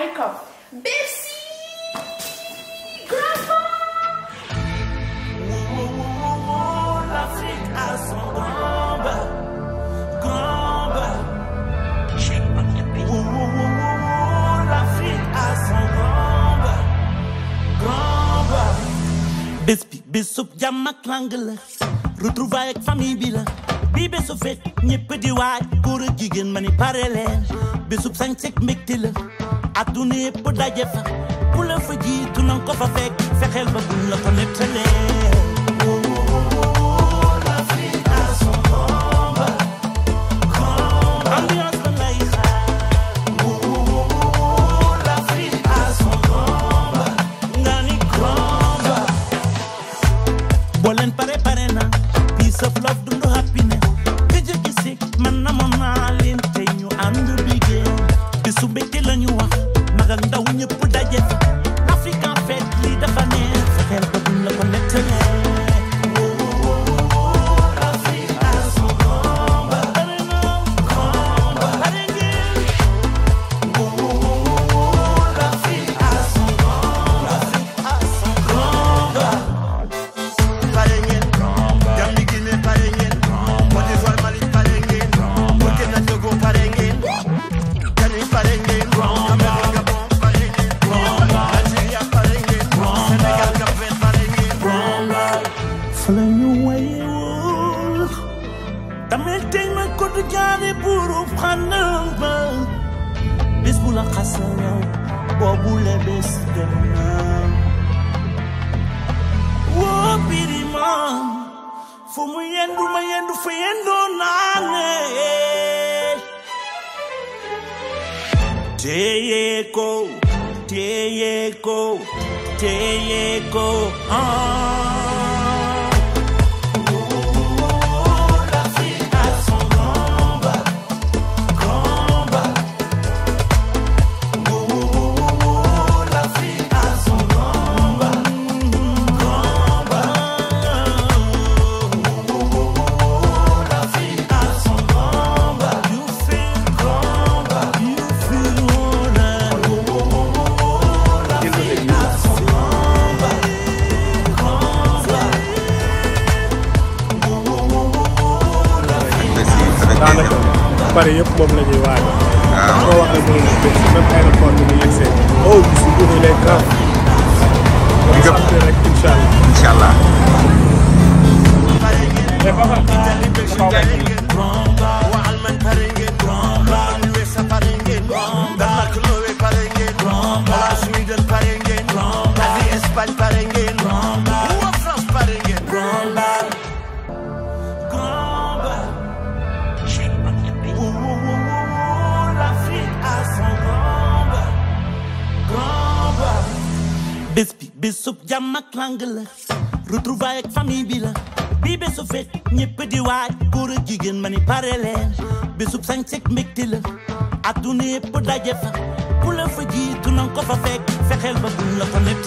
I come. grand bas. Grand bas. L'Afrique a son grand la. Retrouvailles ak famille bi la. Bi bésu fête di waaj góor ak jigéen pare leen. bisub sañsek mbégte la adduna yëpp daje fa ku la fa jiitu nan ko fa fekk fexeel ba buñ la ko nettalee ndaw ñëpp teg ma ko du jaane buuru xanaa ba bés bu la xasa yow boobu la dem na woo biri maam fu mu yendu ma yendu fa yendoo naane téye ko téye ko téye ko ah bari yëpp moom la ñuy waaj. waaw koo wax ne mënul a jëm même aéroport bi ñu yegsee oh bis bu ñu lay gaaw. di gëm rek incha allah incha allah. mais papa. bisub jàmm ak lang la retrouvaille ak famille bi la bii bésu fekk di waaj góor ak jigéen ma ni pare leen bisub sañsek mbégte la adduna yëpp daje fa ku la fa jiitu fa fekk fexeel ba buñ la ko